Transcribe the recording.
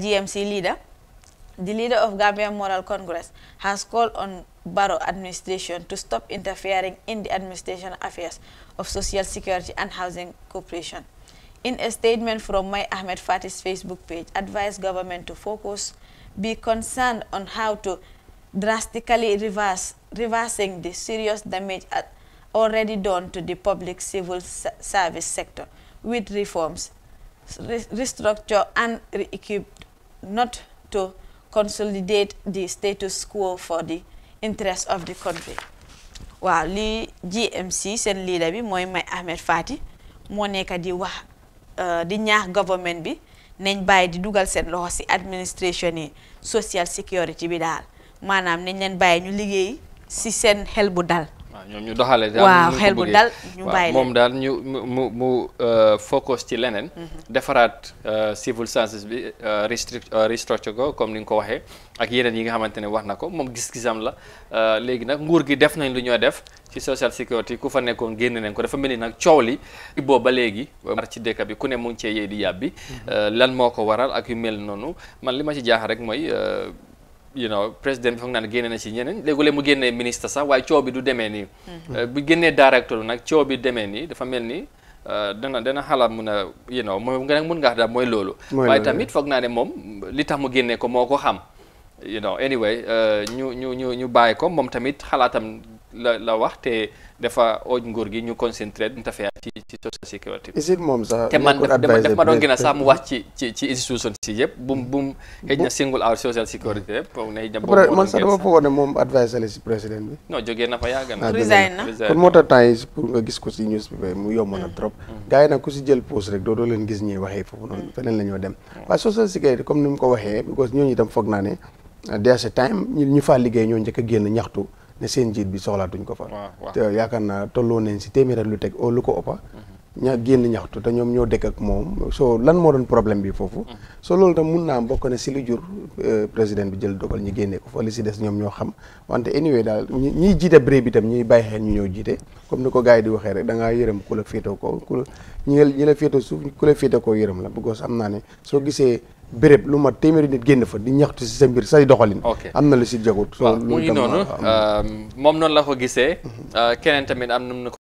GMC leader, the leader of Gambian Moral Congress has called on Barrow administration to stop interfering in the administration affairs of Social Security and Housing Corporation. In a statement from my Ahmed Fatih's Facebook page, advised government to focus, be concerned on how to drastically reverse reversing the serious damage already done to the public civil service sector with reforms, restructure and re-equip not to consolidate the status quo for the interest of the country waaw li GMC seen leader bi mooy may Ahmed Fatty moo nekk di wax euh, di ñaax government bi nañ bàyyi di dugal seen loxo si administration yi social security bi daal maanaam nañ leen bàyyi ñu liggéey si seen xel bu dal ñoom ñu doxalee. waaw xel bu dal moom daal ñu mu mu euh, focus ci leneen. Mm-hmm. defaraat euh, civil service bi euh, restrict restructure ko comme ni nga ko waxee ak yeneen yi nga xamante ne wax na ko moom gis-gisam la léegi nag nguur gi def nañ lu ñoo def ci social security ku fa nekkoon génn nañ ko dafa mel ni nag coow li boobu ba léegi. mar ci dëkk bi ku ne mu ngi cee yee di yàbbi. Mm-hmm. lan moo ko waral ak yu mel noonu man li ma ci jaax rek mooy. you know président bi foog naa ne génne na ci ñeneen léegi mu génnee ministre sax waaye coow du demee nii. Mhm. Euh, bu génnee directeur nag coow bi nii dafa mel ni euh, dana dana xalaat mun a you know moom nga nag mun nga xam mooy loolu. waaye tamit foog naa ne moom li tax mu génnee ko moo ko xam. you know anyway euh, ñu ñu ñu ñu bàyyi ko moom tamit xalaatam. la la wax te dafa ooj nguur gi ñu concentré duñu tafee ci ci social security. is moom sax te yëpp bum bum. xëy na na xëy na boobu man sax dama foogoon moom adviser la si président bi. non jógee na fa yàgg na. Ah, resign na kon pour nga gis ko si news bi mu yomb na mm. trop. Mm. gars yi nag ku si jël poste rek doo doo leen gis ñuy waxee foofu noonu mm. feneen la dem. waaye social security comme ni mu ko waxee because ñooñu itam foog naa ne des a ñu fa liggéey ñoo njëkk a génn ñaxtu ne seen njiit bi soxlaatuñ ko fa. te yaakaar naa tolloo nañ si téeméer lu teg oo lu ko ëppa ña génn ñaxtu te ñoom ñoo dëkk ak moom soo lan moo doon problème bi foofu. Mm-hmm. soo loolu tam mun naa bokk ne si lu jur euh, président bi jël dogal ñu génnee ko fa li si des ñoom ñoo xam wante anyway daal ñi ñiy jiite bré bi tam ñuy bàyyi xel ñu ñëw jiite comme ni ko gars yi di waxee rek da ngaa yërëm ku la féetoo ko ku ñi la féetoo suuf ku la féetoo koo yërëm la parce que am naa ne soo gisee. béréb lu mat téeméeri nit génn fa di ñaxtu si sa mbir say doxalin. am na lu si jagut. waaw mu ngi noonu euh, moom noonu la ko gisee. Mhm. Euh, keneen tamit am na